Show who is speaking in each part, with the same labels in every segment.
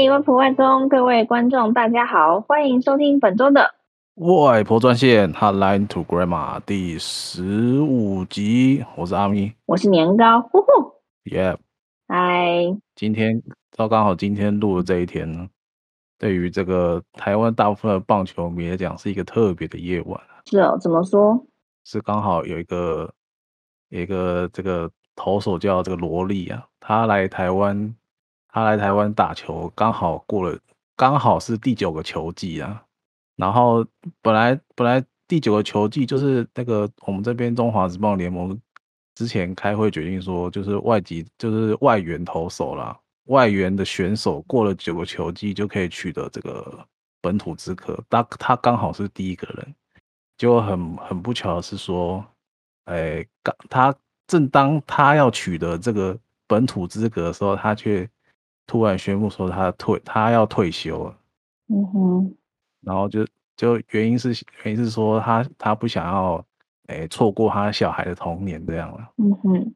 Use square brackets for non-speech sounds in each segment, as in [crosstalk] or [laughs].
Speaker 1: 各位外公，各位觀眾，大家好，歡迎收聽本周的
Speaker 2: 外婆專線 （Hotline to Grandma） 第十五集。我是阿咪，
Speaker 1: 我是年糕，呼呼
Speaker 2: ，Yeah。
Speaker 1: 嗨。
Speaker 2: 今天，那剛好今天錄的這一天呢，對於這個台灣大部分的棒球迷來講，是一個特別的夜晚。
Speaker 1: 是哦，怎麼說？
Speaker 2: 是剛好有一個，有一個這個投手叫這個蘿莉啊，他來台灣。他來台灣打球，剛好過了，剛好是第九個球季啊。然後本來本來第九個球季就是那個我們這邊中華職棒聯盟之前開會決定說，就是外籍就是外援投手啦，外援的選手過了九個球季就可以取得這個本土資格。他他剛好是第一個人，就很很不巧的是說，哎，剛他正當他要取得這個本土資格的時候，他卻，突然宣布說他退，他要退休了。嗯哼，然後就就原因是原因是說他他不想要欸、錯過他小孩的童年這樣了。嗯哼，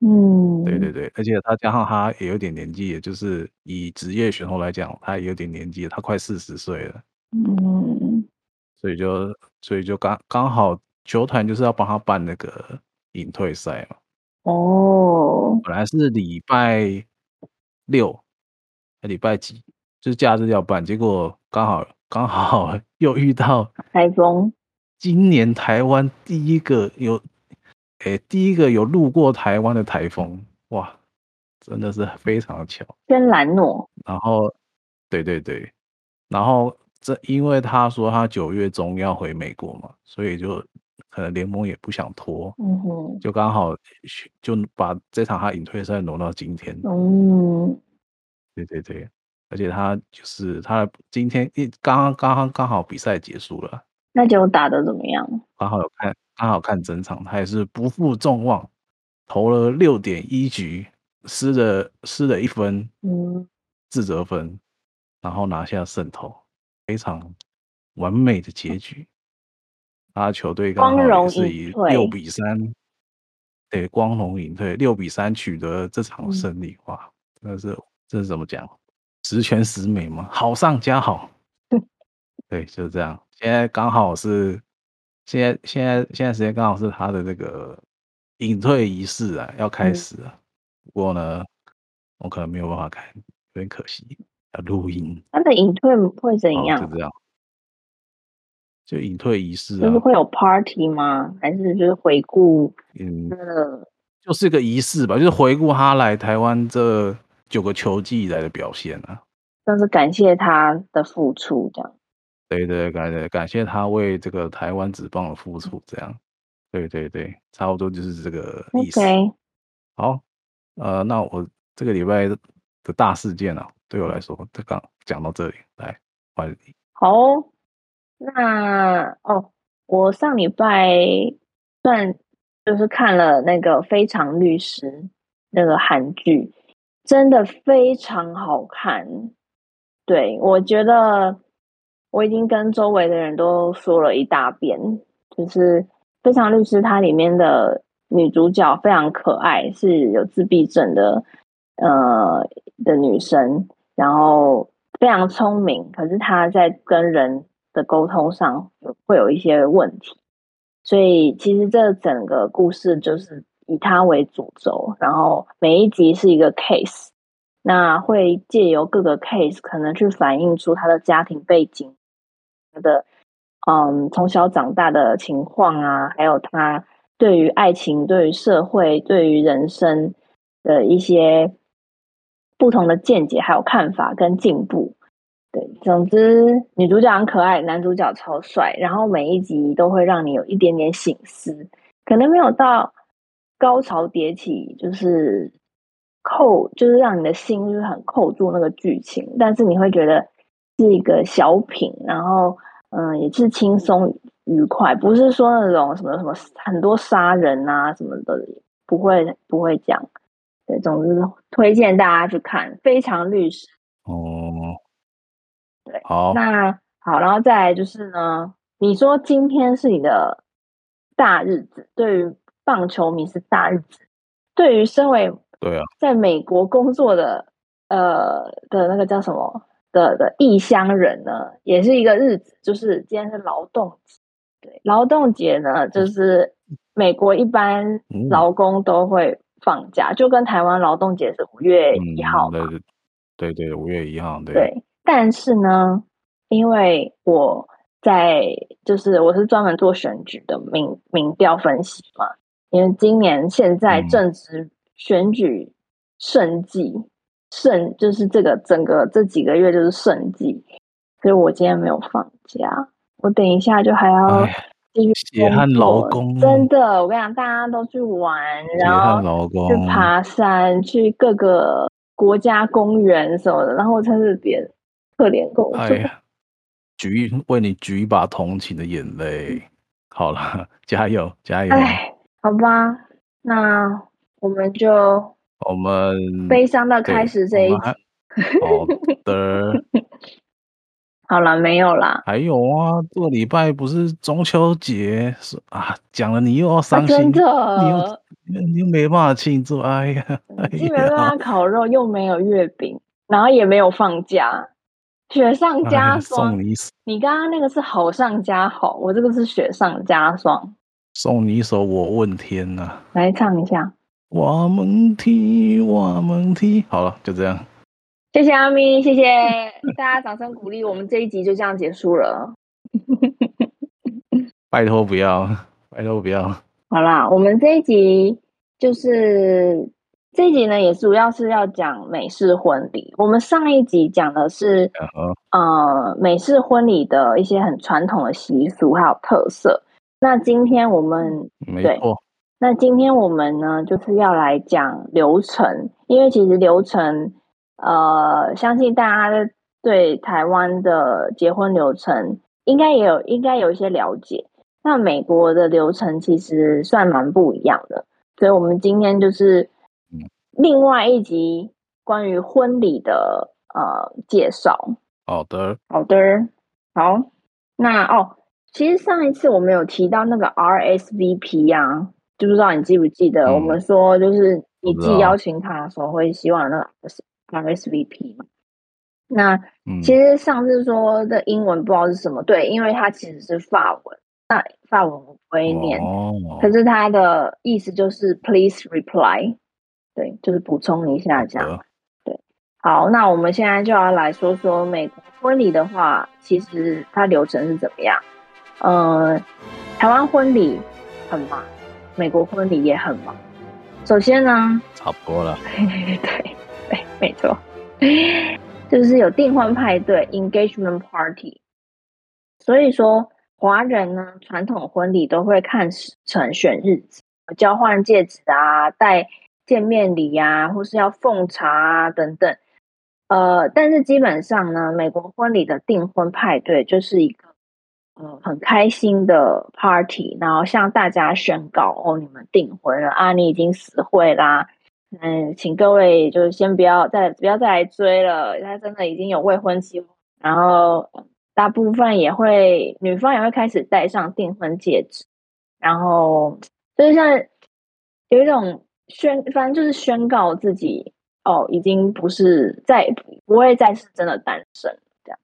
Speaker 2: 嗯，對對對，而且他加上他也有點年紀，也就是以職業選手來講，他也有點年紀，他快四十歲了。嗯，所以就所以就剛剛好球團就是要幫他辦那個引退賽嘛。哦，本來是禮拜六。禮拜幾就是假日要辦，結果剛好剛好又遇到台風，今年台灣第一個有誒、哎、第一個有路過台灣的台風哇，真的是非常巧，
Speaker 1: 跟蘭諾，
Speaker 2: 然後對對對，然後這因為他說他九月中要回美國嘛，所以就可能聯盟也不想拖，嗯哼，就剛好就把這場他引退賽挪到今天，嗯。對對對，而且他就是他今天一剛剛剛剛剛好比賽結束了，
Speaker 1: 那結果打得怎麼樣？
Speaker 2: 剛好有看，剛好看整場，他也是不負眾望，投了六點一局，失了失了一分，嗯，自責分，然後拿下勝投，非常完美的結局。他球隊剛好是以六比三，對，光榮引退六比三取得這場勝利，哇，真的是。這是怎麼講？十全十美嗎，好上加好。對，就是這樣。現在剛好是現在現在現在時間剛好是他的這個隱退儀式啊，要開始了。不過、嗯、呢，我可能沒有辦法看，有點可惜。要錄音。他
Speaker 1: 的隱退會怎樣？就
Speaker 2: 這樣，就隱退儀式啊。就是
Speaker 1: 會有 party 嗎？還
Speaker 2: 是就是回顧？嗯，就是一個儀式吧，就是回顧他來台灣這九個球季以來的表現啊，
Speaker 1: 真是感謝他的付出，這樣。
Speaker 2: 對對，感謝感謝他為這個台灣職棒的付出，這樣。對對對，差不多就是這個意思。好，呃，那我這個禮拜的大事件呢、啊，對我來說，就剛講到這裡，來，歡迎。好，
Speaker 1: 好、哦，那哦，我上禮拜算就是看了那個《非常律師》那個韓劇。真的非常好看，對，我覺得我已經跟周圍的人都說了一大遍，就是《非常律師》它裡面的女主角非常可愛，是有自閉症的，呃的女生，然後非常聰明，可是她在跟人的溝通上會有一些問題，所以其實這整個故事就是。以他為主軸，然後每一集是一個 case，那會借由各個 case 可能去反映出他的家庭背景，他的嗯從小長大的情況啊，還有他對於愛情、對於社會、對於人生的一些不同的見解，還有看法跟進步。對，總之女主角很可愛，男主角超帥，然後每一集都會讓你有一點點省思，可能沒有到。高潮迭起，就是扣，就是讓你的心就是很扣住那個劇情，但是你會覺得是一個小品，然後嗯、呃，也是輕鬆愉快，不是說那種什麼什麼很多殺人啊什麼的，不會不會講。對，總之推薦大家去看《非常律師》哦、嗯。對，好，那好，然後再來就是呢，你說今天是你的大日子，對於。棒球迷是大日子，對於身為對啊在美國工作的、啊、呃的那個叫什麼的的異鄉人呢，也是一個日子，就是今天是勞動節，對，勞動節呢，就是美國一般勞工都會放假，嗯、就跟台灣勞動節是五月一號、嗯
Speaker 2: 對，對對，五月一號對。對，
Speaker 1: 但是呢，因為我在就是我是專門做選舉的民民調分析嘛。因為今年現在正值選舉盛季，盛、嗯、就是這個整個這幾個月就是盛季，所以我今天沒有放假。我等一下就還要繼續工作。哎、血汗勞工真的，我跟你講，大家都去玩，然
Speaker 2: 後去爬
Speaker 1: 山，去各個國家公園什麼的。然後我在特邊夠憐呀，
Speaker 2: 舉一、哎、 [laughs] 為你舉一把同情的眼淚。好了，加油，加油！哎
Speaker 1: 好吧，那我們就
Speaker 2: 我們悲傷的開始這一集好的，
Speaker 1: [laughs] 好了，沒有啦。
Speaker 2: 還有啊，這個禮拜不是中秋節是啊，講了你又要傷心，啊、的你又你又沒辦法慶祝，哎呀，既、哎、
Speaker 1: 沒有烤肉，又沒有月餅，然後也沒有放假，雪上加霜。哎、你剛剛那個是好上加好，我這個是雪上加霜。
Speaker 2: 送你一首《我問天》吶，
Speaker 1: 來唱一下。
Speaker 2: 我們聽，我們聽，好了，就這樣。
Speaker 1: 謝謝阿咪，謝謝 [laughs] 大家掌聲鼓勵。我們這一集就這樣結束了。
Speaker 2: [laughs] 拜託不要，拜託不要。
Speaker 1: 好了，我們這一集就是這一集呢，也是主要是要講美式婚禮。我們上一集講的是，後呃，美式婚禮的一些很傳統的習俗還有特色。那今天我們沒錯。對哦。那今天我們呢，就是要來講流程，因為其實流程，呃，相信大家對台灣的結婚流程應該也有應該有一些了解。那美國的流程其實算蠻不一樣的，所以我們今天就是另外一集關於婚禮的呃介紹。好的，好的，好，那哦。其實上一次我們有提到那個 RSVP 啊，就不知道你記不記得，嗯、我們說就是你寄邀請卡的時候會希望那個 RSVP 嘛，嗯。那其實上次說的英文不知道是什麼，嗯、對，因為它其實是法文，那法文我不會念，哦哦、可是它的意思就是 Please reply，對，就是補充一下這樣。嗯、對，好，那我們現在就要來說說美國婚禮的話，其實它流程是怎麼樣。呃，台灣婚禮很忙，美國婚禮也很忙。首先呢，
Speaker 2: 差不多了。
Speaker 1: [laughs] 對對，沒錯，就是有訂婚派對 （engagement party）。所以說，華人呢傳統婚禮都會看時辰選日子，交換戒指啊，帶見面禮啊，或是要奉茶啊等等。呃，但是基本上呢，美國婚禮的訂婚派對就是一個。嗯、很開心的 party，然後向大家宣告哦，你們訂婚了啊！你已經死會啦，嗯，請各位就是先不要再不要再來追了，他真的已經有未婚妻。然後大部分也會女方也會開始戴上訂婚戒指，然後就是像有一種宣，反正就是宣告自己哦，已經不是再不,不會再是真的單身這樣。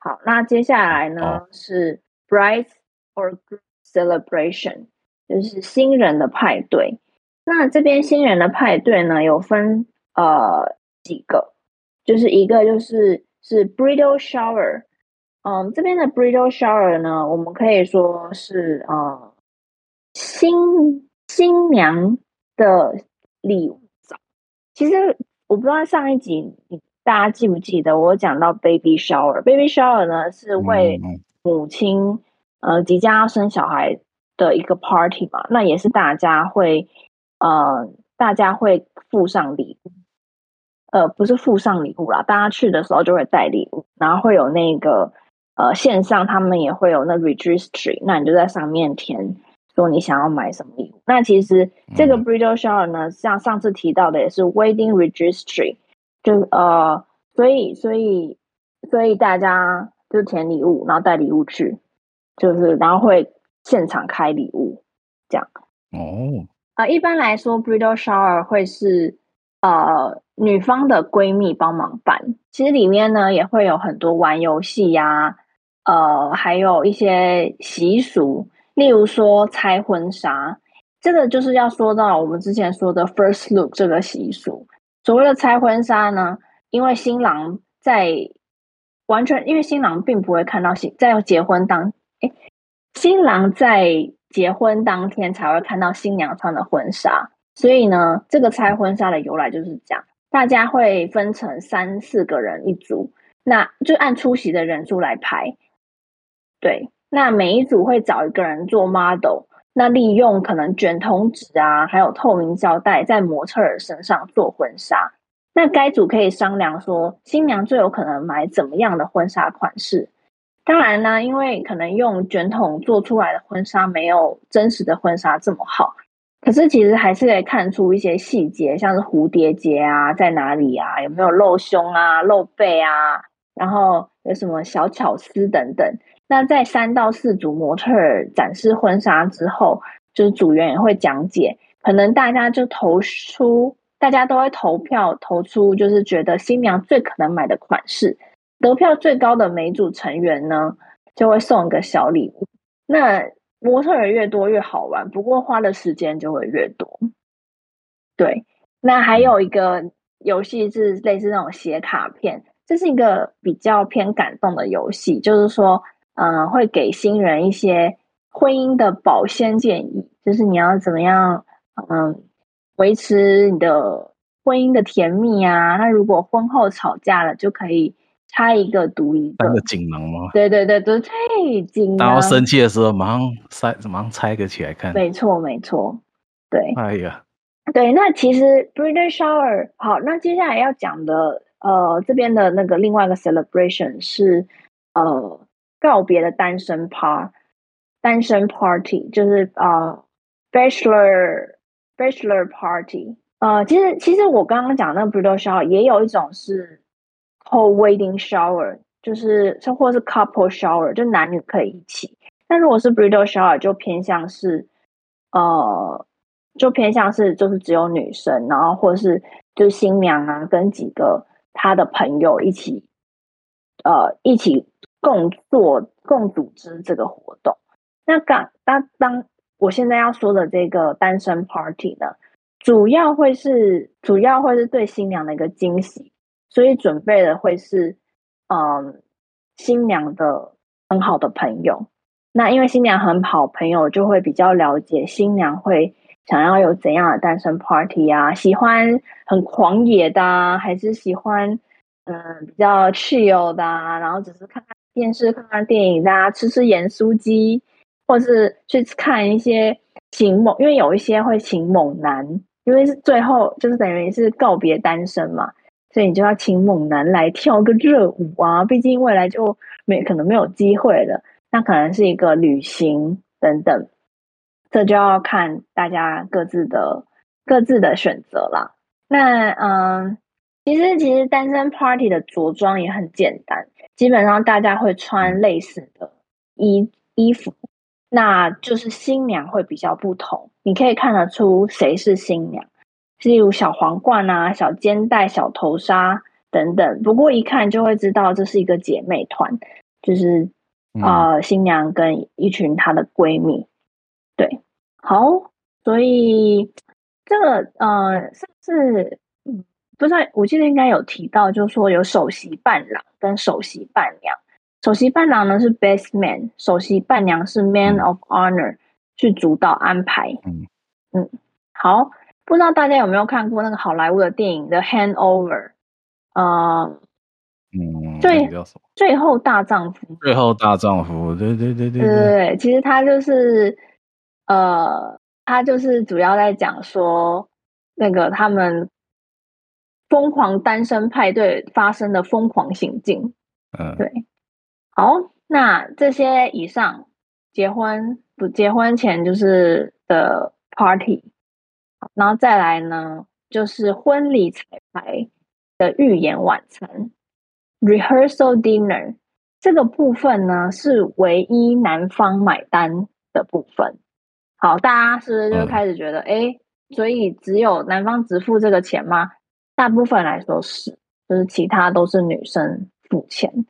Speaker 1: 好，那接下來呢是。Bride's or Groom's Celebration，就是新人的派對。那這邊新人的派對呢，有分呃幾個，就是一個就是是 bridal shower。嗯，這邊的 bridal shower 呢，我們可以說是呃新新娘的禮物。其實我不知道上一集大家記不記得我講到 baby shower。baby shower 呢是為。母親，呃，即將要生小孩的一個 party 嘛，那也是大家會，呃，大家會附上禮物，呃，不是附上禮物啦，大家去的時候就會帶禮物，然後會有那個，呃，線上他們也會有那 registry，那你就在上面填，說你想要買什麼禮物。那其實這個 bridal shower 呢，像上次提到的，也是 wedding registry，就呃，所以，所以，所以大家。就是填禮物，然後帶禮物去，就是然後會現場開禮物，這樣哦。啊、oh. 呃，一般來說，Bridal Shower 會是呃女方的閨蜜幫忙辦。其實裡面呢也會有很多玩遊戲呀，呃還有一些習俗，例如說拆婚紗。這個就是要說到我們之前說的 first look 這個習俗。所謂的拆婚紗呢，因為新郎在。完全，因為新郎並不會看到新在結婚當，哎，新郎在結婚當天才會看到新娘穿的婚紗，所以呢，這個拆婚紗的由來就是這樣。大家會分成三四個人一組，那就按出席的人數來排。對，那每一組會找一個人做 model，那利用可能卷筒紙啊，還有透明膠帶在模特兒身上做婚紗。那該組可以商量說，新娘最有可能買怎麼樣的婚紗款式？當然呢，因為可能用卷筒做出來的婚紗沒有真實的婚紗這麼好，可是其實還是可以看出一些細節，像是蝴蝶結啊在哪裡啊，有沒有露胸啊、露背啊，然後有什麼小巧思等等。那在三到四組模特兒展示婚紗之後，就是組員也會講解，可能大家就投出。大家都會投票投出，就是覺得新娘最可能買的款式，得票最高的每組成員呢，就會送一個小禮物。那模特人越多越好玩，不過花的時間就會越多。對，那還有一個遊戲是類似那種寫卡片，這是一個比較偏感動的遊戲，就是說，嗯，會給新人一些婚姻的保鮮建議，就是你要怎麼樣，嗯。維持你的婚姻的甜蜜啊！那如果婚後吵架了，就可以拆一個讀一
Speaker 2: 個。那個錦囊嗎？對
Speaker 1: 對對，讀這錦囊。當我生
Speaker 2: 氣的時候，馬上拆，馬上拆一個起來看。沒
Speaker 1: 錯，沒錯。
Speaker 2: 對。哎呀，
Speaker 1: 對。那其實 Bridal Shower。好，那接下來要講的，呃，這邊的那個另外一個 Celebration 是，呃，告別的單身派，單身 Party，就是啊、呃，Bachelor。Bachelor party，呃，其實其實我剛剛講的那個 bridal shower 也有一種是 whole wedding shower，就是或者是 couple shower，就男女可以一起。但如果是 bridal shower，就偏向是呃，就偏向是就是只有女生，然後或者是就是新娘啊跟幾個她的朋友一起，呃，一起共做共組織這個活動。那當當當。我現在要說的這個單身 party 呢，主要會是主要會是對新娘的一個驚喜，所以準備的會是嗯，新娘的很好的朋友。那因為新娘很好朋友，就會比較了解新娘會想要有怎樣的單身 party 啊，喜歡很狂野的、啊，還是喜歡嗯、呃、比較 chill 的啊的，然後只是看看電視、看看電影的、啊，大家吃吃鹽酥雞。或是去看一些請猛，因為有一些會請猛男，因為是最後就是等於是告別單身嘛，所以你就要請猛男來跳個熱舞啊！畢竟未來就沒可能沒有機會了，那可能是一個旅行等等，這就要看大家各自的、各自的選擇啦。那嗯，其實其實單身 party 的着裝也很簡單，基本上大家會穿類似的衣衣服。那就是新娘會比較不同，你可以看得出誰是新娘，例如小皇冠啊、小肩帶、小頭紗等等。不過一看就會知道這是一個姐妹團，就是、嗯、呃新娘跟一群她的閨蜜。對，好，所以這個呃上次不知道我記得應該有提到，就是說有首席伴郎跟首席伴娘。首席伴郎呢是 best man，首席伴娘是 man of honor，、嗯、去主導安排。嗯嗯，好，不知道大家有沒有看過那個好萊塢的電影《The Hangover》、呃、嗯，最最後大丈夫。
Speaker 2: 最後大丈夫，對對對對對對，對，
Speaker 1: 對。其實他就是呃，他就是主要在講說那個他們瘋狂單身派對發生的瘋狂行徑。嗯，對。好，那這些以上結婚不結婚前就是的 party，好然後再來呢，就是婚禮彩排的預演晚餐 rehearsal dinner 這個部分呢是唯一男方買單的部分。好，大家是不是就開始覺得，哎、嗯，所以只有男方只付這個錢嗎？大部分來說是，就是其他都是女生付錢。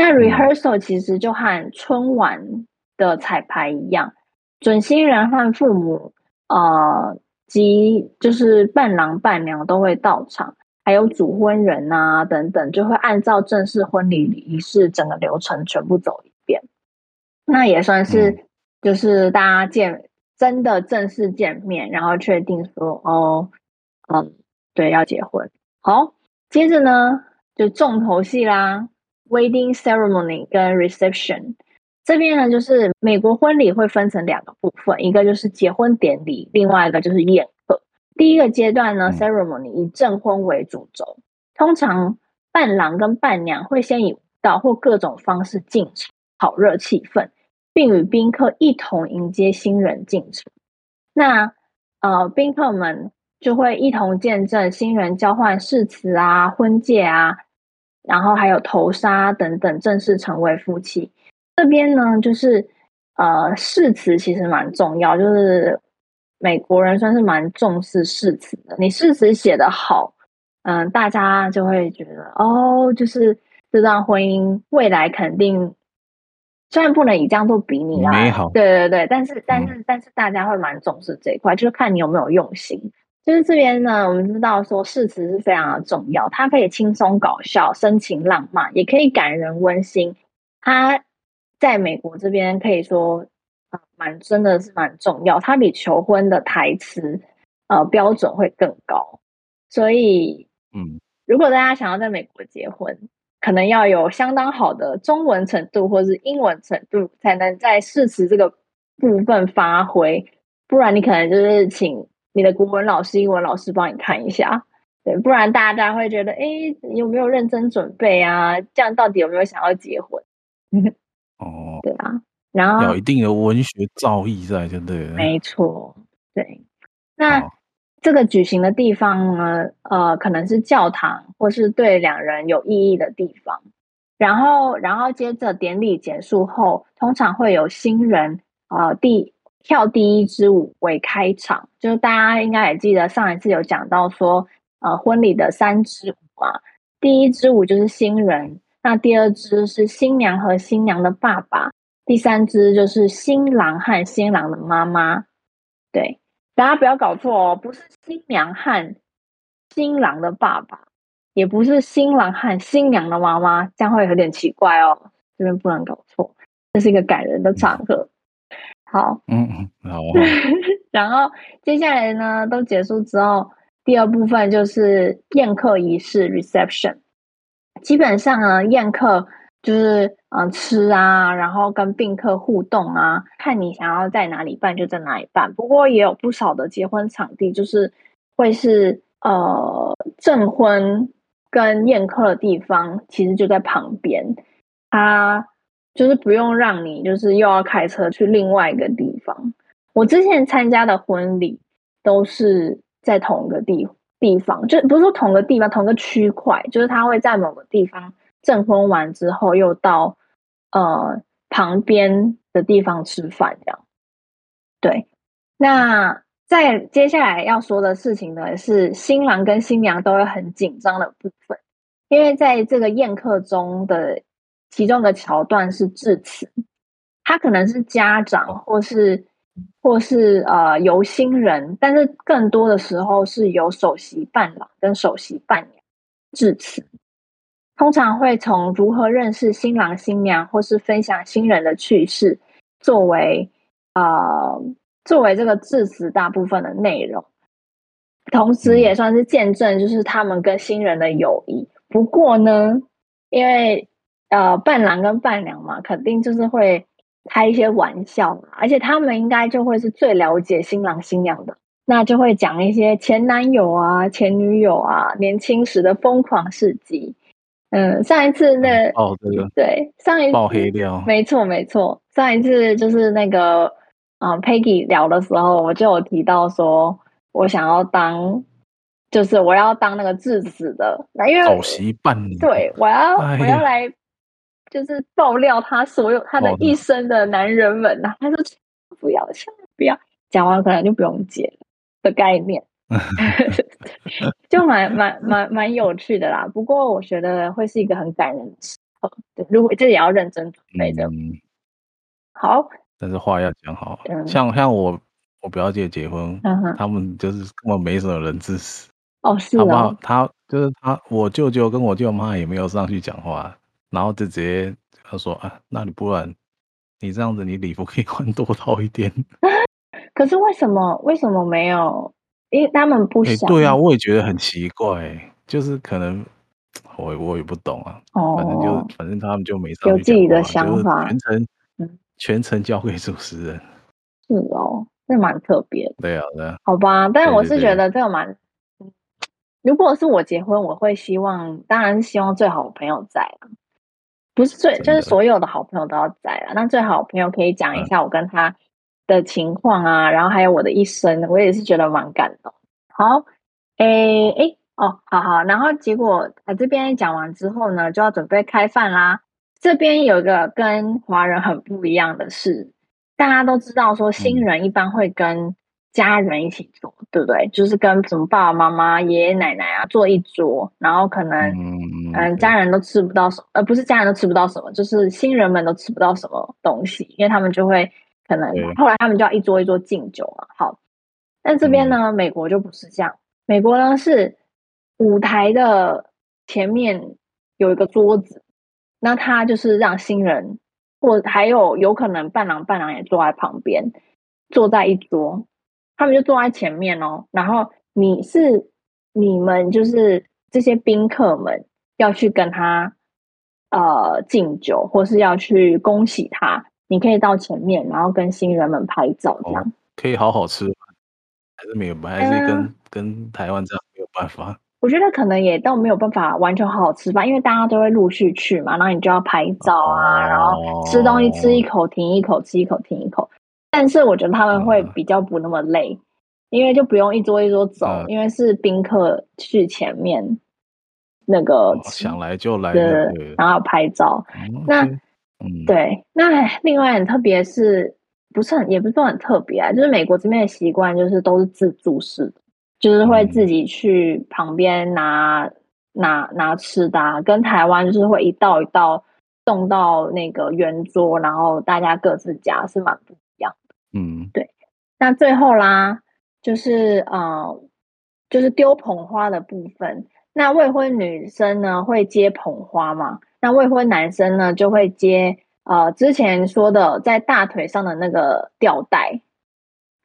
Speaker 1: 那 rehearsal 其實就和春晚的彩排一樣，準新人和父母，呃，即就是伴郎伴娘都會到場，還有主婚人啊等等，就會按照正式婚禮儀式整個流程全部走一遍。那也算是就是大家見真的正式見面，然後確定說哦，嗯，對，要結婚。好，接着呢，就重頭戲啦。Wedding ceremony 跟 reception 這邊呢，就是美國婚禮會分成兩個部分，一個就是結婚典禮，另外一個就是宴客。第一個階段呢，ceremony 以證婚為主軸，通常伴郎跟伴娘會先以舞蹈或各種方式進場，炒熱氣氛，並與賓客一同迎接新人進場。那呃，賓客們就會一同見證新人交換誓詞啊、婚戒啊。然後還有頭紗等等，正式成為夫妻。這邊呢，就是呃誓詞其實蠻重要，就是美國人算是蠻重視誓詞的。你誓詞寫得好，嗯、呃，大家就會覺得哦，就是這段婚姻未來肯定雖然不能以這樣都比擬還、啊、好，對對對，但是、嗯、但是但是大家會蠻重視這一塊，就是看你有沒有用心。就是這邊呢，我們知道說，誓詞是非常的重要，它可以輕鬆搞笑、深情浪漫，也可以感人溫馨。它在美國這邊可以說啊，蠻、呃、真的是蠻重要。它比求婚的台詞呃標準會更高，所以嗯，如果大家想要在美國結婚，可能要有相當好的中文程度或是英文程度，才能在誓詞這個部分發揮，不然你可能就是請。你的古文老師、英文老師幫你看一下，對，不然大家大概會覺得，哎、欸，你有沒有認真準備啊？這樣到底有沒有想要結婚？哦，
Speaker 2: [laughs]
Speaker 1: 對啊，然後有一
Speaker 2: 定的文學造詣在就對了，對不
Speaker 1: 對？沒錯，對。那、哦、這個舉行的地方呢？呃，可能是教堂，或是對兩人有意義的地方。然後，然後接着典禮結束後，通常會有新人啊、呃、第。跳第一支舞為開場，就是大家應該也記得上一次有講到說，呃，婚禮的三支舞嘛，第一支舞就是新人，那第二支是新娘和新娘的爸爸，第三支就是新郎和新郎的媽媽。對，大家不要搞錯哦，不是新娘和新郎的爸爸，也不是新郎和新娘的媽媽，這樣會有點奇怪哦。這邊不能搞錯，這是一個感人的場合。嗯好，嗯，嗯，好。好好 [laughs] 然後接下來呢，都結束之後，第二部分就是宴客儀式 （reception）。基本上呢，宴客就是嗯、呃、吃啊，然後跟賓客互動啊，看你想要在哪裡辦就在哪裡辦。不過也有不少的結婚場地，就是會是呃證婚跟宴客的地方，其實就在旁邊啊。就是不用讓你，就是又要開車去另外一個地方。我之前參加的婚禮都是在同一個地地方，就不是說同一個地方，同一個區塊，就是他會在某個地方證婚完之後，又到呃旁邊的地方吃飯這樣。對，那在接下來要說的事情呢，是新郎跟新娘都有很緊張的部分，因為在這個宴客中的。其中的橋段是致辭，他可能是家長，或是或是呃由新人，但是更多的時候是由首席伴郎跟首席伴娘致辭。通常會從如何認識新郎新娘，或是分享新人的趣事作為呃作為這個致辭大部分的內容，同時也算是見證，就是他們跟新人的友誼。不過呢，因為呃，伴郎跟伴娘嘛，肯定就是會開一些玩笑嘛，而且他們應該就會是最了解新郎新娘的，那就會講一些前男友啊、前女友啊、年輕時的瘋狂事跡。嗯，上一次那、哎、哦對對，上一次爆黑料，沒錯沒錯，上一次就是那個啊、呃、Peggy 聊的時候，我就有提到說，我想要當，就是我要當那個致詞的，那因為首
Speaker 2: 席伴娘，
Speaker 1: 對，我要、哎、呀我要來。就是爆料他所有他的一生的男人們，哦、然後他說不要不要講完可能就不用結的概念， [laughs] 就蠻蠻蠻蠻，蠻有趣的啦。不過我覺得會是一個很感人的事哦。對，如果這也要認真沒
Speaker 2: 的。嗯嗯、好，但是話要講好，像像我我表姐結婚，嗯、他們就是根本沒什麼人支持
Speaker 1: 哦。是嗎、
Speaker 2: 哦？他就是他，我舅舅跟我舅媽也沒有上去講話。然後就直接他說啊，那你不然你這樣子，你禮服可以換多套一點。
Speaker 1: 可是為什麼為什麼沒有？因為他們不想。欸、對啊，
Speaker 2: 我也覺得很奇怪、欸，就是可能我我也不懂啊。哦，反正就反正他們就沒啥有自己的想法，全程、嗯、全程交給主持人。
Speaker 1: 是哦，這蠻特別的。
Speaker 2: 對啊，對啊。好吧，但對對對我是覺得
Speaker 1: 這個蠻……如果是我結婚，我會希望，當然是希望最好的朋友在啊。不是最，的就是所有的好朋友都要在了。那最好朋友可以講一下我跟他的情況啊，嗯、然後還有我的一生，我也是覺得蠻感動。好，哎哎哦，好好。然後結果啊，這邊講完之後呢，就要準備開飯啦。這邊有一個跟華人很不一樣的事，大家都知道說，新人一般會跟家人一起坐，對不對？就是跟什麼爸爸媽媽、爺爺奶奶啊坐一桌，然後可能、mm hmm. 嗯，家人都吃不到什麼，呃，不是家人都吃不到什麼，就是新人們都吃不到什麼東西，因為他們就會可能後來他們就要一桌一桌敬酒嘛。Mm hmm. 好，但這邊呢，美國就不是這樣，美國呢是舞台的前面有一個桌子，那他就是讓新人或還有有可能伴郎伴郎也坐在旁邊，坐在一桌。他們就坐在前面哦，然後你是你們就是這些賓客們要去跟他呃敬酒，或是要去恭喜他，你可以到前面，然後跟新人們拍照，這樣、
Speaker 2: 哦、可以好好吃，還是沒有辦法，還是跟、嗯啊、跟台灣這樣沒有辦法。
Speaker 1: 我覺得可能也都沒有辦法完全好好吃吧，因為大家都會陸續去嘛，然後你就要拍照啊，哦、然後吃東西吃一口停一口，吃一口停一口。但是我覺得他們會比較不那麼累，呃、因為就不用一桌一桌走，呃、因為是賓客去前面那個、哦、
Speaker 2: 想來就來就對，
Speaker 1: 然後拍照。嗯、那、嗯、對，那另外很特別是不是很也不是都很特別、啊，就是美國這邊的習慣就是都是自助式，就是會自己去旁邊拿、嗯、拿拿吃的、啊，跟台灣就是會一道一道送到那個圓桌，然後大家各自夾，是蠻。嗯，對。那最後啦，就是呃，就是丟捧花的部分。那未婚女生呢，會接捧花嘛。那未婚男生呢，就會接呃之前說的在大腿上的那個吊帶。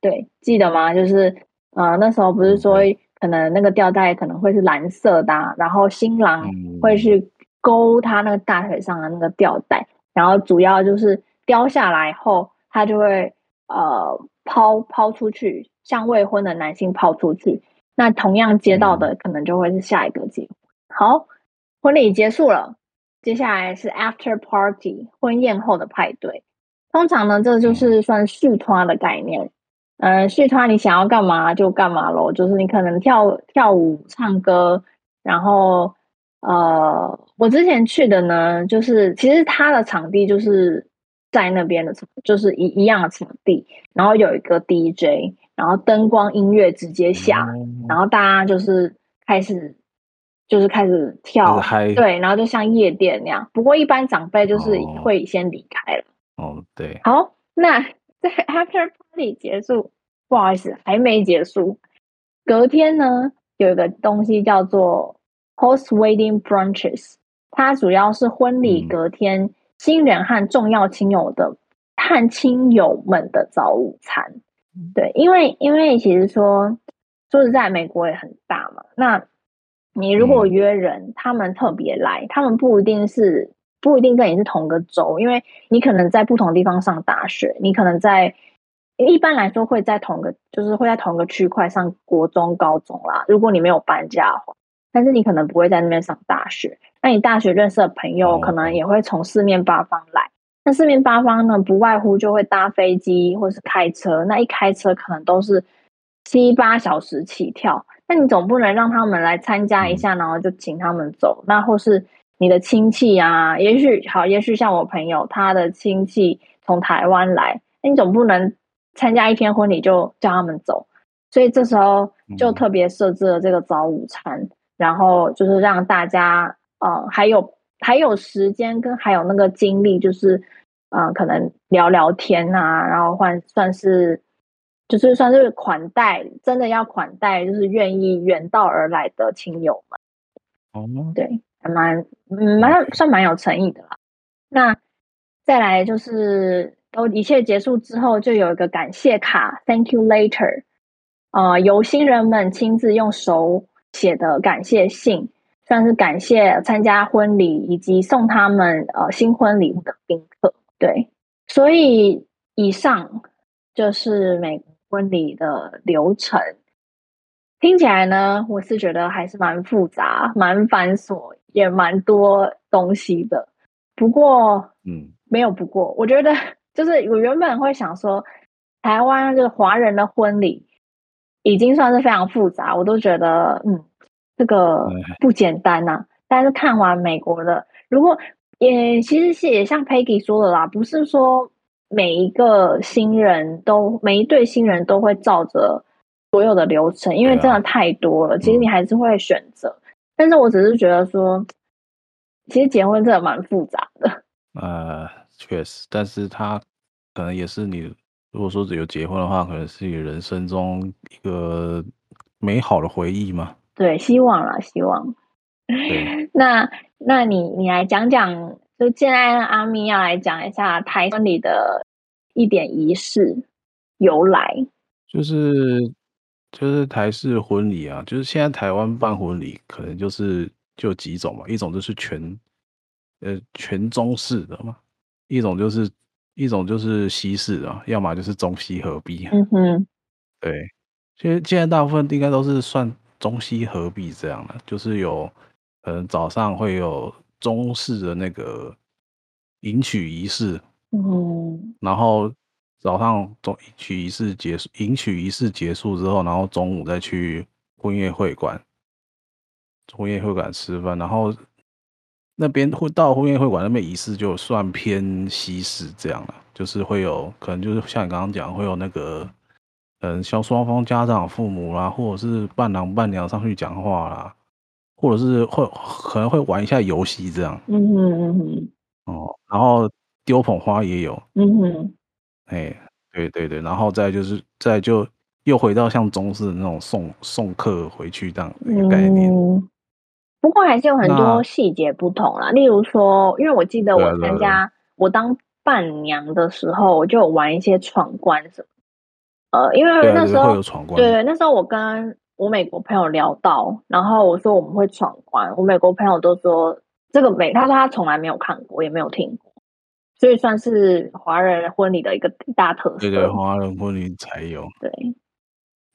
Speaker 1: 對，記得嗎？嗯、就是呃那時候不是說可能那個吊帶可能會是藍色的、啊，嗯、然後新郎會去勾他那個大腿上的那個吊帶，然後主要就是掉下來後他就會。呃，拋拋出去，向未婚的男性拋出去，那同樣接到的可能就會是下一個結婚。好，婚禮結束了，接下來是 after party，婚宴後的派對。通常呢，這就是算續攤的概念。嗯、呃，續攤你想要幹嘛就幹嘛咯，就是你可能跳跳舞、唱歌，然後呃，我之前去的呢，就是其實它的場地就是。在那邊的，就是一一樣的場地，然後有一個 DJ，然後燈光音樂直接下，然後大家就是開始，就是開始跳，嗨、嗯，對，然後就像夜店那樣。不過一般長輩就是會先離開了哦。哦，對。好，那在 After Party 結束，不好意思，還沒結束。隔天呢，有一個東西叫做 Post Wedding Brunches，它主要是婚禮隔天。嗯新人和重要親友的，和親友們的早午餐，嗯、對，因為因為其實說說實在，美國也很大嘛。那你如果約人，嗯、他們特別來，他們不一定是，不一定跟你是同個州，因為你可能在不同地方上大學，你可能在一般來說會在同個，就是會在同個區塊上國中、高中啦。如果你沒有搬家的話。但是你可能不會在那邊上大學，那你大學認識的朋友可能也會從四面八方來。那四面八方呢，不外乎就會搭飛機或是開車。那一開車可能都是七八小時起跳。那你總不能讓他們來參加一下，嗯、然後就請他們走。那或是你的親戚啊，也許好，也許像我朋友，他的親戚從台灣來，那你總不能參加一天婚禮就叫他們走。所以這時候就特別設置了這個早午餐。嗯。然後就是讓大家，呃，還有還有時間跟還有那個精力，就是，呃，可能聊聊天啊，然後換算是，就是算是款待，真的要款待，就是願意遠道而來的親友們。好嗎對，還蠻蠻算蠻有誠意的啦。那再來就是，都一切結束之後，就有一個感謝卡，Thank you letter。啊、呃，由新人們親自用手。寫的感謝信，算是感謝參加婚禮以及送他們呃新婚禮物的賓客。對，所以以上就是美國婚禮的流程。聽起來呢，我是覺得還是蠻複雜、蠻繁瑣，也蠻多東西的。不過，嗯，沒有不過，嗯、我覺得就是我原本會想說，台灣就是華人的婚禮。已經算是非常複雜，我都覺得嗯，這個不簡單吶、啊。但是看完美國的，如果也其實也像 Peggy 說的啦，不是說每一個新人都每一對新人都會照着所有的流程，因為真的太多了。啊、其實你還是會選擇。嗯、但是我只是覺得說，其實結婚真的蠻複雜的。
Speaker 2: 呃，確實，但是他可能也是你。如果說只有結婚的話，可能是你人生中一個美好的回憶嘛？
Speaker 1: 對，希望啦，希望。對 [laughs] 那，那你，你來講講，就現在阿咪要來講一下台灣婚禮的一點儀式由來，
Speaker 2: 就是，就是台式婚禮啊，就是現在台灣辦婚禮，可能就是就幾種嘛，一種就是全，呃，全中式的嘛，一種就是。一種就是西式啊，要麼就是中西合璧。嗯哼，對，其實現在大部分應該都是算中西合璧這樣的，就是有可能早上會有中式的那個迎娶儀式，嗯哼，然後早上中迎娶儀式結束，迎娶儀式結束之後，然後中午再去婚宴會館，婚宴會館吃飯，然後。那邊會到婚宴會館那邊儀式，就算偏西式這樣了。就是會有可能就是像你剛剛講，會有那個嗯，像雙方家長父母啦，或者是伴郎伴娘上去講話啦，或者是會可能會玩一下遊戲這樣。嗯哼嗯嗯哼。哦，然後丟捧花也有。嗯哼。哎、欸，對對對，然後再就是再就又回到像中式那種送送客回去這樣一個概
Speaker 1: 念。嗯不過還是有很多細節不同啦，那例如說，因為我記得我參加、啊啊啊、我當伴娘的時候，我就玩一些闖關什麼。呃，因為那時候、啊、有闖關，對對，那時候我跟我美國朋友聊到，然後我說我們會闖關，我美國朋友都說這個美，他說他從來沒有看過，也沒有聽過，所以算是華人婚禮的一個大特色。對對，
Speaker 2: 華人婚禮才有。對，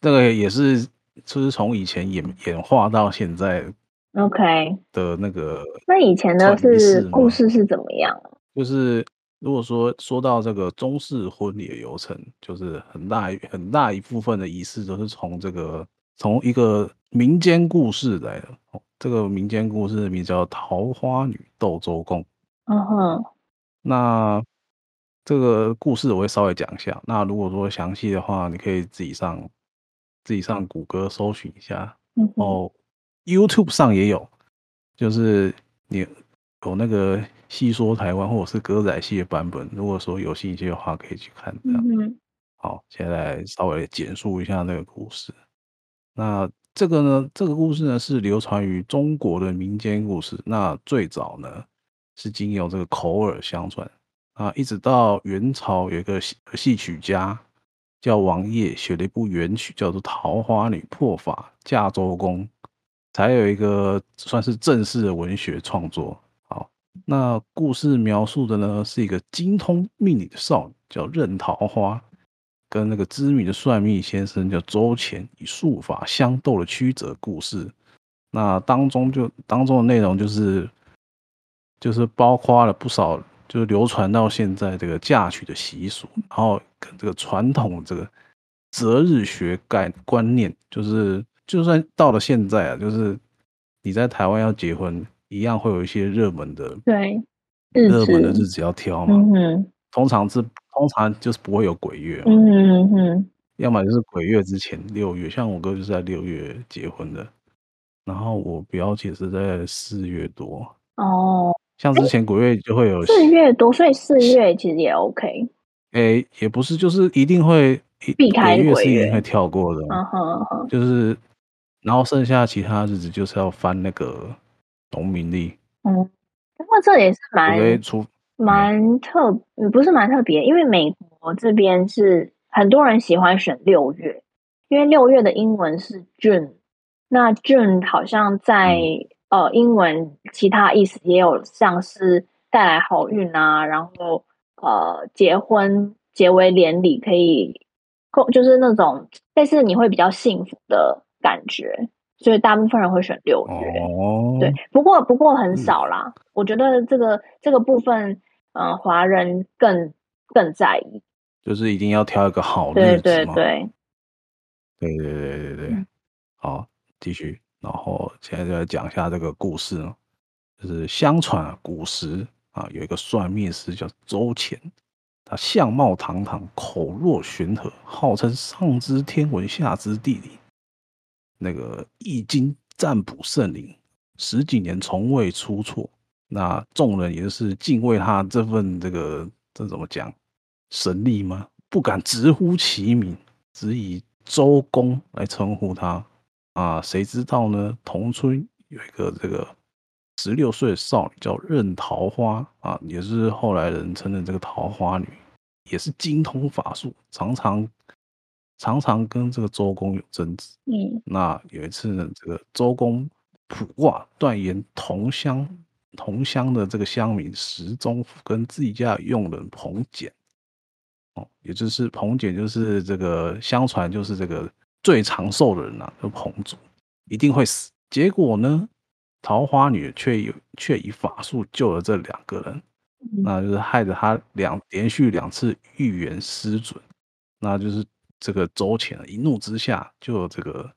Speaker 2: 這個也是就是從以前演演化到現在。OK 的那個的，那
Speaker 1: 以前呢是故事是怎麼樣？
Speaker 2: 就是如果說說到這個中式婚禮的流程，就是很大一很大一部分的儀式都是從這個從一個民間故事來的。哦、這個民間故事名叫《桃花女鬥周公》uh。
Speaker 1: 嗯哼，
Speaker 2: 那這個故事我會稍微講一下。那如果說詳細的話，你可以自己上自己上谷歌搜尋一下。然後、uh。Huh. YouTube 上也有，就是你有那個戲說台灣或者是歌仔戲的版本。如果說有興趣的話，可以去看。
Speaker 1: 這樣。嗯哼，
Speaker 2: 好，現在稍微簡述一下那個故事。那這個呢，這個故事呢是流傳於中國的民間故事。那最早呢是經由這個口耳相傳啊，一直到元朝有一個戲戲曲家叫王曄，寫了一部元曲，叫做《桃花女破法嫁周公》。才有一個算是正式的文學創作，好，那故事描述的呢是一個精通命理的少女，叫任桃花，跟那個知名的算命先生叫周乾，以術法相鬥的曲折故事。那當中就當中的內容就是，就是包括了不少，就是流傳到現在這個嫁娶的習俗，然後跟這個傳統的這個擇日學概觀念，就是。就算到了現在啊，就是你在台灣要結婚，一樣會有一些熱門的對熱門的日子要挑嘛。嗯嗯，通常是通常就是不會有鬼月，嗯，
Speaker 1: 嗯，
Speaker 2: 嗯要麼就是鬼月之前六月，像我哥就是在六月結婚的，然後我表姐是在四月多哦。
Speaker 1: 像之前
Speaker 2: 鬼月就會有、欸、四
Speaker 1: 月多，所以四月其實也 OK。
Speaker 2: 誒、欸，也不是，就是一定會避開鬼月是一定會跳過的，嗯哼，就是。然後剩下其他日子就是要翻那個農民曆。
Speaker 1: 嗯，不過這也是蠻、嗯、蠻特，不是蠻特別。因為美國這邊是很多人喜歡選六月，因為六月的英文是 June。那 June 好像在、嗯、呃英文其他意思也有像是帶來好運啊，然後呃結婚結為連理可以，就是那種類似你會比較幸福的。感覺，所以大部分人會選六月，哦、對。不過，不過很少啦。嗯、我覺得這個這個部分，嗯、呃，華人更更在意，
Speaker 2: 就是一定要挑一個好日子
Speaker 1: 嗎？
Speaker 2: 對對對，對對對對，對、嗯、好，繼續，然後現在就來講一下這個故事，就是相傳古時啊，有一個算命師叫周乾，他相貌堂堂，口若懸河，號稱上知天文，下知地理。那個《易經》占卜聖靈，十幾年從未出錯。那眾人也是敬畏他這份這個，這怎麼講，神力嗎？不敢直呼其名，只以周公來稱呼他。啊，誰知道呢？同村有一個這個十六歲的少女叫任桃花啊，也是後來人稱的這個桃花女，也是精通法術，常常。常常跟這個周公有爭執。嗯，那有一次呢，這個周公卜卦斷言同鄉同鄉的這個鄉民石宗府跟自己家的傭人彭簡，哦，也就是彭簡，就是這個相傳就是這個最長壽的人啊，就是彭祖，一定會死。結果呢，桃花女却有卻以法術救了這兩個人，那就是害得他兩連續兩次預言失准，那就是。這個周乾一怒之下，就這個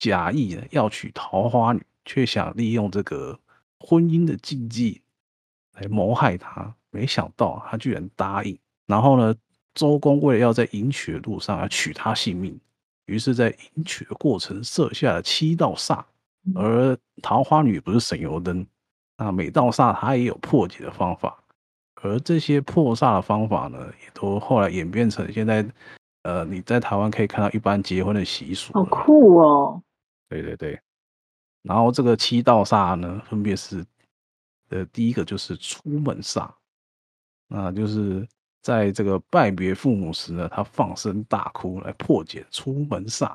Speaker 2: 假意要娶桃花女，卻想利用這個婚姻的禁忌來謀害她。沒想到她居然答應。然後呢，周公為了要在迎娶的路上要取她性命，於是，在迎娶的過程設下了七道煞。而桃花女不是省油燈，那每道煞她也有破解的方法。而這些破煞的方法呢，也都後來演變成現在。呃，你在台灣可以看到一般結婚的習俗，好酷哦！對對對，然後這個七道煞呢，分別是，呃，第一個就是出門煞，啊、呃，就是在這個拜別父母時呢，他放聲大哭來、哎、破解出門煞，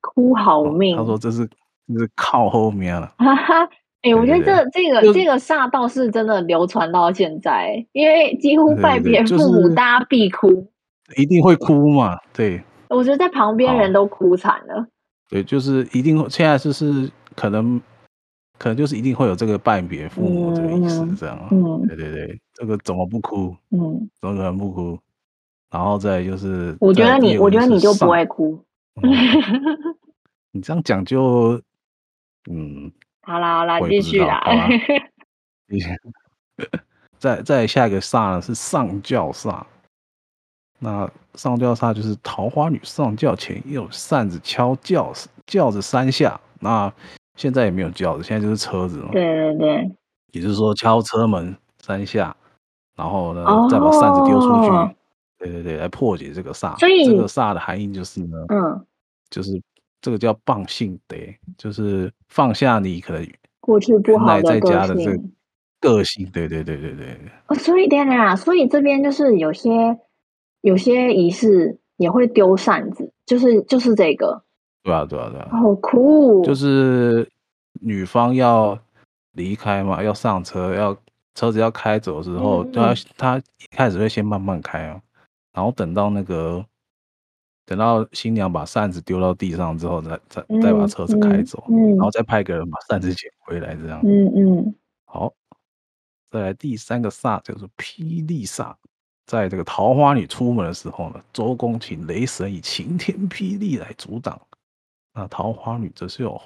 Speaker 1: 哭好命、嗯。他說
Speaker 2: 這是這是靠後面了。哈哈
Speaker 1: [laughs] 欸，哎，我覺得這、就是、這個、就是、這個煞倒是真的流傳到現在，因為幾乎拜別父母，對對對就是、大家必哭。
Speaker 2: 一定會哭嘛？對，
Speaker 1: 我覺得在旁邊人都哭慘了。
Speaker 2: 對，就是一定會現在是是可能可能就是一定會有這個拜別父母這個、嗯、意思這樣。嗯，對對對，這個怎麼不哭？
Speaker 1: 嗯，
Speaker 2: 怎麼可能不哭？然後再就是，我覺得你，我覺得你就不會哭。嗯、 [laughs] 你這樣講就嗯，
Speaker 1: 好啦好啦，繼續啦。繼續好啦。
Speaker 2: [laughs] 再再下一個煞是上轎煞。那上轎煞就是桃花女上轎前用扇子敲轎轎，轎子三下。那現在也沒有轎子，現在就是車子嘛。對對
Speaker 1: 對。
Speaker 2: 也就是說，敲車門三下，然後呢，再把扇子丟出去。哦、對對對，來破解這個煞。所以這個煞的含義就是呢，嗯，就是這個叫棒性，對，就是放下你可
Speaker 1: 能過去不好的這個
Speaker 2: 個性，對對對對對。哦，所以
Speaker 1: 這樣所以這邊就是有些。有些儀式也會丟扇子，就是就是這個。
Speaker 2: 對啊，對，啊對啊，對啊，對啊。
Speaker 1: 好酷！就
Speaker 2: 是女方要離開嘛，要上車，要車子要開走之後，她、嗯嗯、她一開始會先慢慢開啊，然後等到那個等到新娘把扇子丟到地上之後，再再再把車子開走，嗯嗯嗯，然後再派個人把扇子撿回來，這樣，嗯嗯。好，再來第三個煞就是霹靂煞。在這個桃花女出門的時候呢，周公請雷神以晴天霹靂來阻擋。那桃花女則是有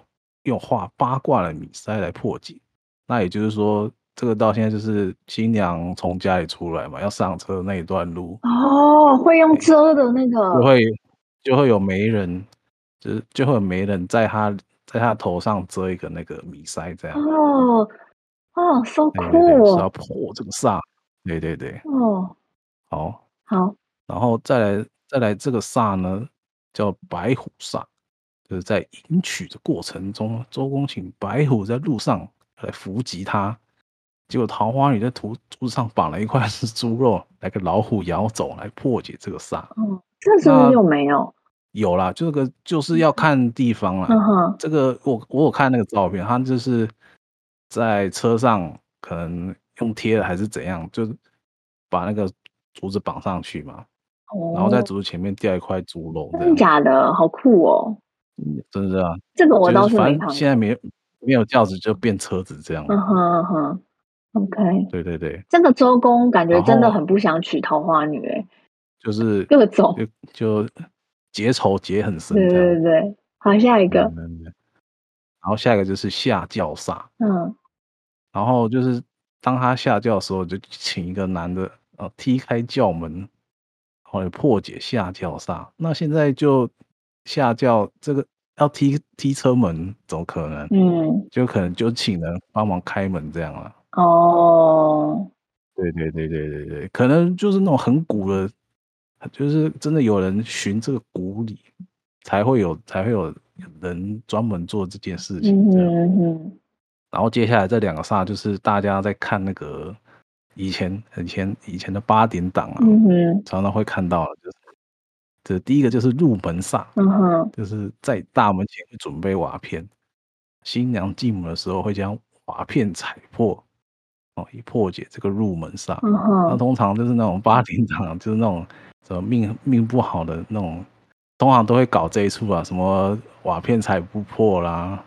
Speaker 2: 用畫八卦的米篩來破解。那也就是說，這個到現在就是新娘從家裡出來嘛，要上車的那一段路
Speaker 1: 哦，會用遮的那個，就
Speaker 2: 會就會有媒人，就是就會有媒人在她，在她頭上遮一個那個米篩這
Speaker 1: 樣哦哦，so cool 對對對是要
Speaker 2: 破這個煞，對對對，對哦。好好，好，然後再來再來這個煞呢，叫白虎煞，就是在迎娶的過程中，周公請白虎在路上來伏擊他，結果桃花女在土柱上綁了一塊是豬肉，來給老虎咬走來破解這個煞。嗯、
Speaker 1: 哦，這時候有沒有？
Speaker 2: 有啦，這、就是、個就是要看地方了。嗯哼、哦哈，這個我我有看那個照片，他就是在車上可能用貼的還是怎樣，就是把那個。竹子綁上去嘛，
Speaker 1: 然後在竹
Speaker 2: 子前面吊一塊竹簍。真
Speaker 1: 的假的？好酷哦！
Speaker 2: 真的啊，這個我倒是反正現在沒沒有轎子，就變車子這樣。嗯哼嗯
Speaker 1: 哼，OK，
Speaker 2: 對對對。
Speaker 1: 這個周公感覺真的很不想娶桃花女，哎，
Speaker 2: 就是各種就結仇結很深，
Speaker 1: 對對對。好，下一個，
Speaker 2: 然後下一個就是下轎煞，嗯，然後就是當他下轎的時候，就請一個男的。哦，踢開轎門，或者破解下轎煞。那現在就下轎，這個要踢踢車門，怎麼可能，嗯，就可能就請人幫忙開門這樣了、
Speaker 1: 啊。
Speaker 2: 哦，對對對對對對，可能就是那種很古的，就是真的有人尋這個古禮，才會有才會有人專門做這件事情。嗯，嗯，嗯。然後接下來這兩個煞，就是大家在看那個。以前、以前、以前的八點檔啊，嗯、哼常常會看到的、就是，就是這第一個就是入門煞，嗯、哼就是在大門前準備瓦片，新娘進門的時候會將瓦片踩破，哦，以破解這個入門煞。嗯、哼那通常就是那種八點檔，就是那種什麼命命不好的那種，通常都會搞這一齣啊，什麼瓦片踩不破啦。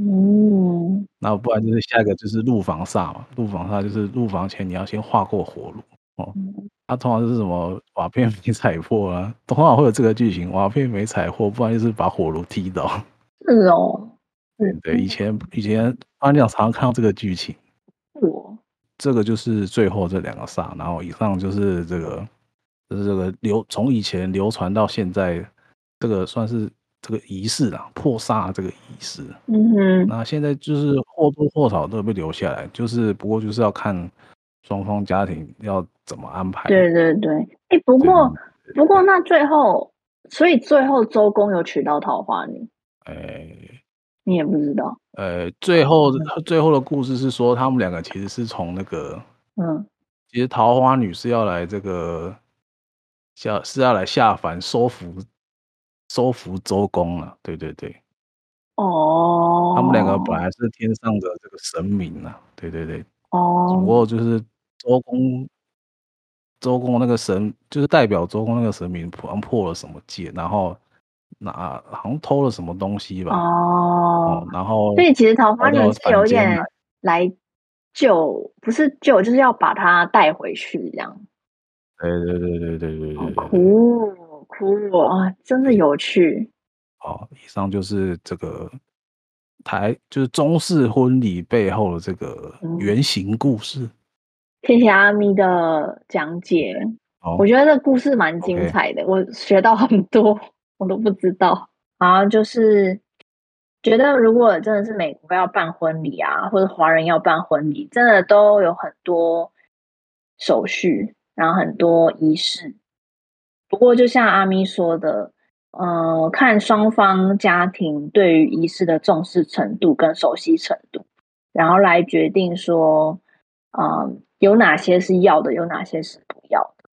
Speaker 2: 哦，嗯、那不然就是下一個就是入房煞嘛，入房煞就是入房前你要先畫過火爐哦。它、嗯啊、通常是什麼瓦片沒踩破啊，通常會有這個劇情，瓦片沒踩破，不然就是把火爐踢倒。
Speaker 1: 是哦，對
Speaker 2: [laughs] 對，以前以前阿亮、啊、常常看到這個劇情。是
Speaker 1: 我
Speaker 2: 這個就是最後這兩個煞，然後以上就是這個就是這個流從以前流傳到現在，這個算是。這個儀式啊，破煞這個儀式，嗯
Speaker 1: 哼，那
Speaker 2: 現在就是或多或少都會被留下來，就是不過就是要看雙方家庭要
Speaker 1: 怎麼安排。對對對，哎、欸，不過對對對對，不過那最後，所以最後周公有娶到桃花女？哎、欸，
Speaker 2: 你
Speaker 1: 也不知道，
Speaker 2: 呃、欸，最後最後的故事是說，他們兩個其實是從那個，
Speaker 1: 嗯，
Speaker 2: 其實桃花女是要來這個下是要來下凡收服。收服周公了，對對對，哦，
Speaker 1: 他們兩個本來
Speaker 2: 是天上的這個神明啊，對對對，哦，
Speaker 1: 不過
Speaker 2: 就是周公，周公那個神就是代表周公那個神明，好像破了什麼戒，然後拿好像偷了什麼東西吧，
Speaker 1: 哦，
Speaker 2: 然後所以其實桃花女是有點
Speaker 1: 來救，不是救，就是要把他帶回去這樣，
Speaker 2: 對對對對對對，好
Speaker 1: 酷啊，真的有趣！
Speaker 2: 好、哦，以上就是這個台，就是中式婚禮背後的這個原型故事。嗯、
Speaker 1: 謝謝阿咪的講解，哦、我覺得這個故事蠻精彩的，Okay. 我學到很多，我都不知道。然後就是覺得，如果真的是美國要辦婚禮啊，或者華人要辦婚禮，真的都有很多手續，然後很多儀式。不過，就像阿咪說的，嗯、呃，看雙方家庭對於儀式的重視程度跟熟悉程度，然後來決定說，嗯、呃，有哪些是要的，有哪些是不要的。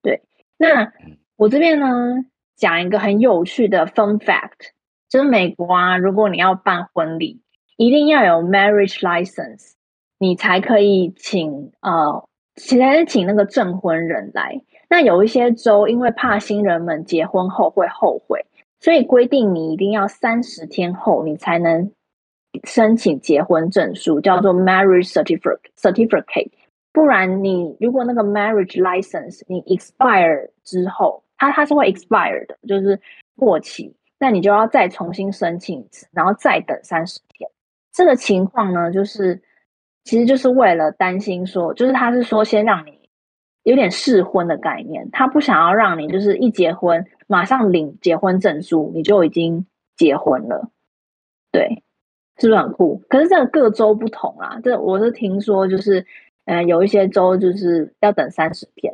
Speaker 1: 對，那我這邊呢，講一個很有趣的 fun fact，就是美國啊，如果你要辦婚禮，一定要有 marriage license，你才可以請呃，其實還是請那個證婚人來。那有一些州，因為怕新人們結婚後會後悔，所以規定你一定要三十天後你才能申請結婚證書，叫做 marriage certificate certificate。不然你如果那個 marriage license 你 expire 之後，它它是會 expire 的，就是過期，那你就要再重新申請一次，然後再等三十天。這個情況呢，就是其實就是為了擔心說，就是他是說先讓你。有點試婚的概念，他不想要讓你就是一結婚，馬上領結婚證書，你就已經結婚了，對，是不是很酷？可是這個各州不同啊，這個、我是聽說，就是嗯、呃，有一些州就是要等三十天，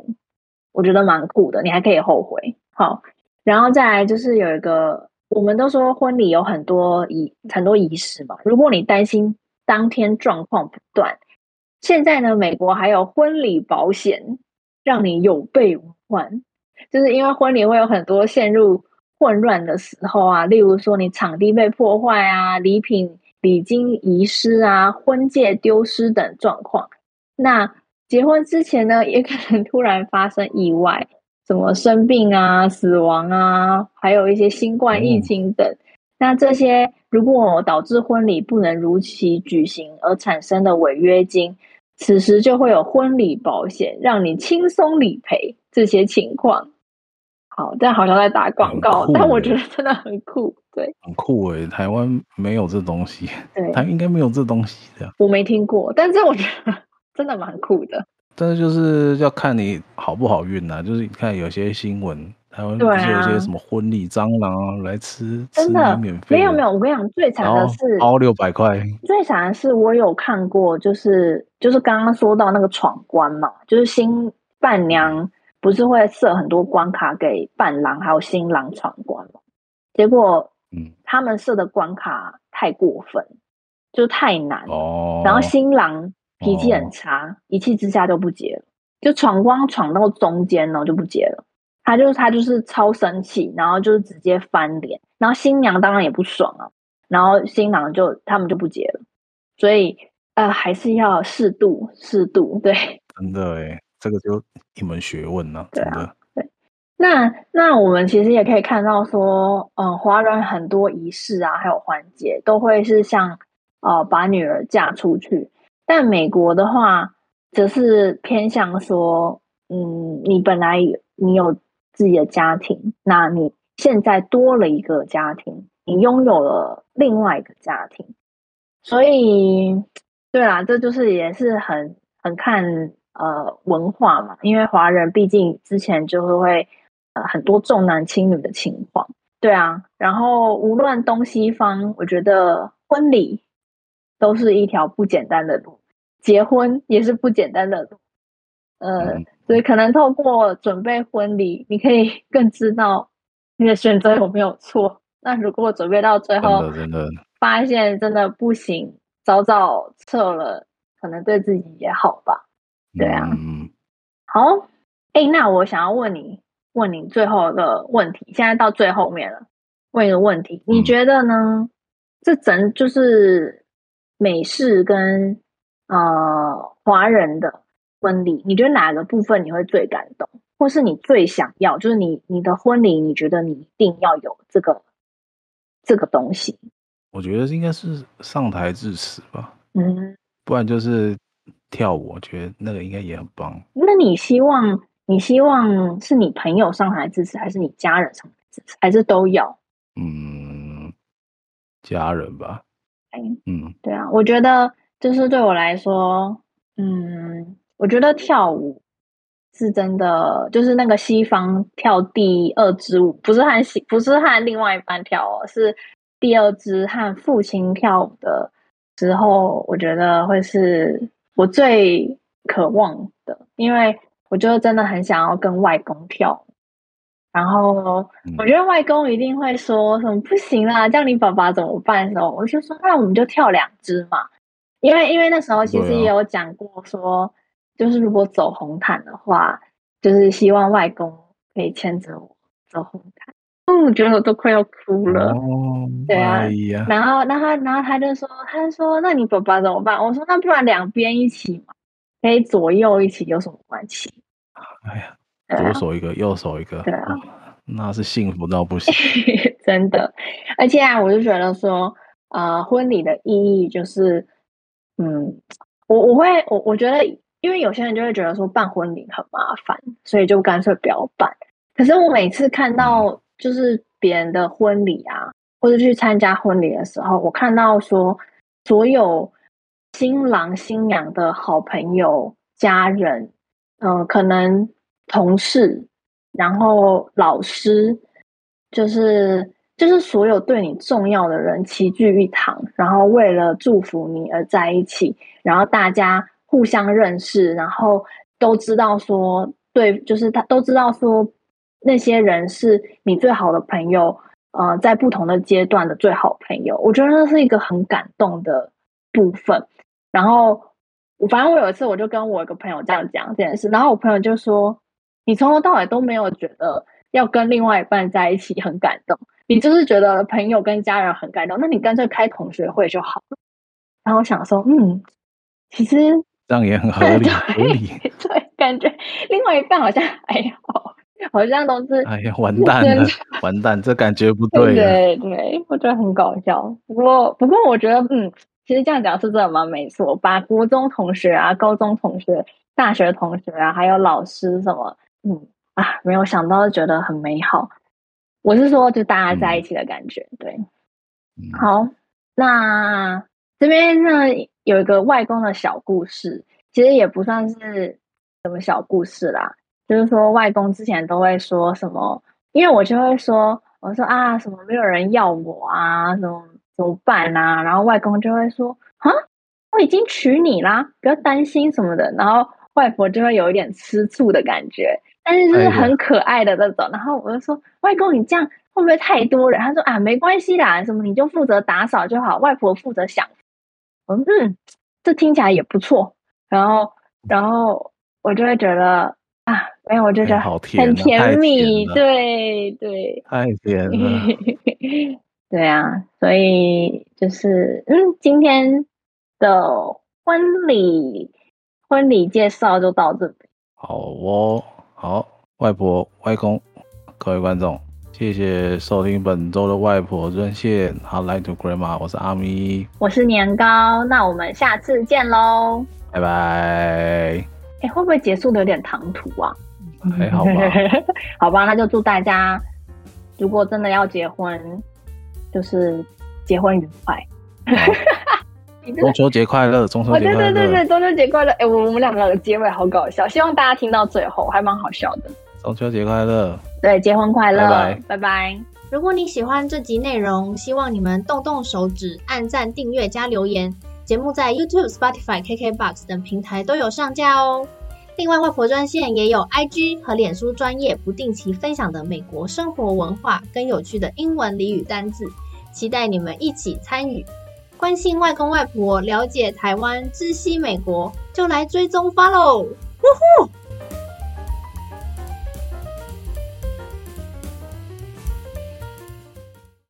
Speaker 1: 我覺得蠻酷的，你還可以後悔。好，然後再來就是有一個，我們都說婚禮有很多儀很多儀式嘛，如果你擔心當天狀況不斷，現在呢，美國還有婚禮保險。讓你有備無患，就是因為婚禮會有很多陷入混亂的時候啊，例如說你場地被破壞啊、禮品禮金遺失啊、婚戒丟失等狀況。那結婚之前呢，也可能突然發生意外，什麼生病啊、死亡啊，還有一些新冠疫情等。嗯。那這些如果導致婚禮不能如期舉行而產生的違約金。此時就會有婚禮保險，讓你輕鬆理賠這些情況。好，但好像在打廣告，欸、但我覺得真的很酷，對，很
Speaker 2: 酷哎、欸！台灣沒有這東西，對，台灣應該沒有這東西的，
Speaker 1: 我沒聽過，但是我覺得真的蠻酷的。
Speaker 2: 但是就是要看你好不好運吶、啊，就是看有些新聞。還有有些什麼婚禮蟑螂啊，啊來吃，真的吃免費？沒有
Speaker 1: 沒有，我跟你講，最慘的是包六
Speaker 2: 百塊。後
Speaker 1: 塊最慘的是我有看過、就是，就是就是剛剛說到那個闖關嘛，就是新伴娘不是會設很多關卡給伴郎還有新郎闖關嘛？結果，嗯，他們設的關卡太過分，嗯、就太難哦。然後新郎脾氣很差，哦、一氣之下就不結了，就闖關闖到中間呢就不結了。他就是他就是超生氣，然後就是直接翻臉，然後新娘當然也不爽啊，然後新郎就他們就不結了，所以呃還是要適度適度，對，
Speaker 2: 真的欸，這個就一門學問啊，啊，真的。對，
Speaker 1: 那那我們其實也可以看到說，嗯，華人很多儀式啊，還有環節都會是像呃把女兒嫁出去，但美國的話則是偏向說，嗯，你本來你有自己的家庭，那你現在多了一個家庭，你擁有了另外一個家庭，所以對啦，這就是也是很很看呃文化嘛，因為華人畢竟之前就會會呃很多重男輕女的情況，對啊，然後無論東西方，我覺得婚禮都是一條不簡單的路，結婚也是不簡單的路，呃。嗯所以可能透過準備婚禮，你可以更知道你的選擇有沒有錯。那如果準備到最後，發現真的不行，早早撤了，可能對自己也好吧。對啊，嗯、好，哎、欸，那我想要問你，問你最後的問題，現在到最後面了，問一個問題，你覺得呢？嗯、這整就是美式跟呃華人的。婚禮，你覺得哪個部分你會最感動，或是你最想要？就是你你的婚禮，你覺得你一定要有這個這個東西？
Speaker 2: 我覺得應該是上台致辭吧，
Speaker 1: 嗯，
Speaker 2: 不然就是跳舞，我覺得那個應該也很棒。
Speaker 1: 那你希望你希望是你朋友上台致辭，還是你家人上台致辭，還是都要？
Speaker 2: 嗯，家人吧。哎，嗯，
Speaker 1: 對啊，我覺得就是對我來說，嗯。我覺得跳舞是真的，就是那個西方跳第二支舞，不是和西，不是和另外一半跳哦，是第二支和父親跳舞的時候，我覺得會是我最渴望的，因為我就真的很想要跟外公跳。然後我覺得外公一定會說什麼、嗯、不行啦，叫你爸爸怎麼辦的時候，我就說那我們就跳兩支嘛，因為因為那時候其實也有講過說。就是如果走紅毯的話，就是希望外公可以牽着我走紅毯。嗯，我覺得我都快要哭了。哦，oh、my 對啊，然後，然後他，然後他就說：“他就說，那你爸爸怎麼辦？”我說：“那不然兩邊一起嘛，可以左右一起，有什麼關係？”
Speaker 2: 哎呀，啊、左手一個，右手一個，
Speaker 1: 對
Speaker 2: 啊、哦，那是幸福到不行，
Speaker 1: [laughs] 真的。而且啊，我就覺得說，啊、呃，婚禮的意義就是，嗯，我我會，我我覺得。因為有些人就會覺得說辦婚禮很麻煩，所以就乾脆不要辦。可是我每次看到就是別人的婚禮啊，或者去參加婚禮的時候，我看到說所有新郎新娘的好朋友、家人，嗯、呃，可能同事，然後老師，就是就是所有對你重要的人齊聚一堂，然後為了祝福你而在一起，然後大家。互相認識，然後都知道說對，就是他都知道說那些人是你最好的朋友，呃，在不同的階段的最好朋友，我覺得那是一個很感動的部分。然後，我反正我有一次我就跟我一個朋友這樣講這件事，然後我朋友就說：“你從頭到尾都沒有覺得要跟另外一半在一起很感動，你就是覺得朋友跟家人很感動，那你乾脆開同學會就好。”然後我想說：“嗯，其實。”
Speaker 2: 這樣也很合理，對合理
Speaker 1: 對，對，感覺另外一半好像還好，好像都是哎呀，
Speaker 2: 完蛋了，的完蛋，這感覺不對，對，
Speaker 1: 對，對，我覺得很搞笑。不過不過我覺得，嗯，其實這樣講是真嗎？沒錯吧，國中同學啊、高中同學、大學同學啊，還有老師什麼，嗯啊，沒有想到，就覺得很美好。我是說，就大家在一起的感覺，嗯、對。好，那這邊呢？有一個外公的小故事，其實也不算是什麼小故事啦。就是說，外公之前都會說什麼，因為我就會說，我說啊，什麼沒有人要我啊，什麼怎麼辦吶、啊？然後外公就會說，啊，我已經娶你啦，不要擔心什麼的。然後外婆就會有一點吃醋的感覺，但是就是很可愛的那種。哎喲。然後我就說，外公你這樣會不會太多了？他說啊，沒關係啦，什麼你就負責打掃就好，外婆負責想。嗯，這聽起來也不錯。然後，然後我就會覺得啊，沒有，我就覺得很甜蜜，對對，太甜了，對啊。所以就是，嗯，今天的婚禮婚禮介紹就到這裡。好哦，
Speaker 2: 好，外婆、外公，各位觀眾。謝謝收聽本周的外婆專線。Hotline to Grandma，我是阿咪，
Speaker 1: 我是年糕。那我們下次見嘍，
Speaker 2: 拜拜 bye。
Speaker 1: 哎，會不會結束得有點唐突啊？還好吧，好吧，那 [laughs] 就祝大家，如果真的要結婚，就是結婚愉快，哦、 [laughs] 的中
Speaker 2: 秋節快樂，中秋節快、哦、對對對對，
Speaker 1: 中秋節快樂。哎，我我們兩個的結尾好搞笑，希望大家聽到最後，還蠻好笑的。
Speaker 2: 中秋節快樂！
Speaker 1: 對，結婚快樂！拜拜，拜拜。如果你喜歡這集內容，希望你們動動手指，按讚、訂閱、加留言。節目在 YouTube、Spotify、KKBOX 等平台都有上架哦。另外，外婆專線也有 IG 和臉書專頁不定期分享的美國生活文化跟有趣的英文俚語單字，期待你們一起參與，關心外公外婆，了解台灣，知悉美國，就來追蹤 follow。呼呼！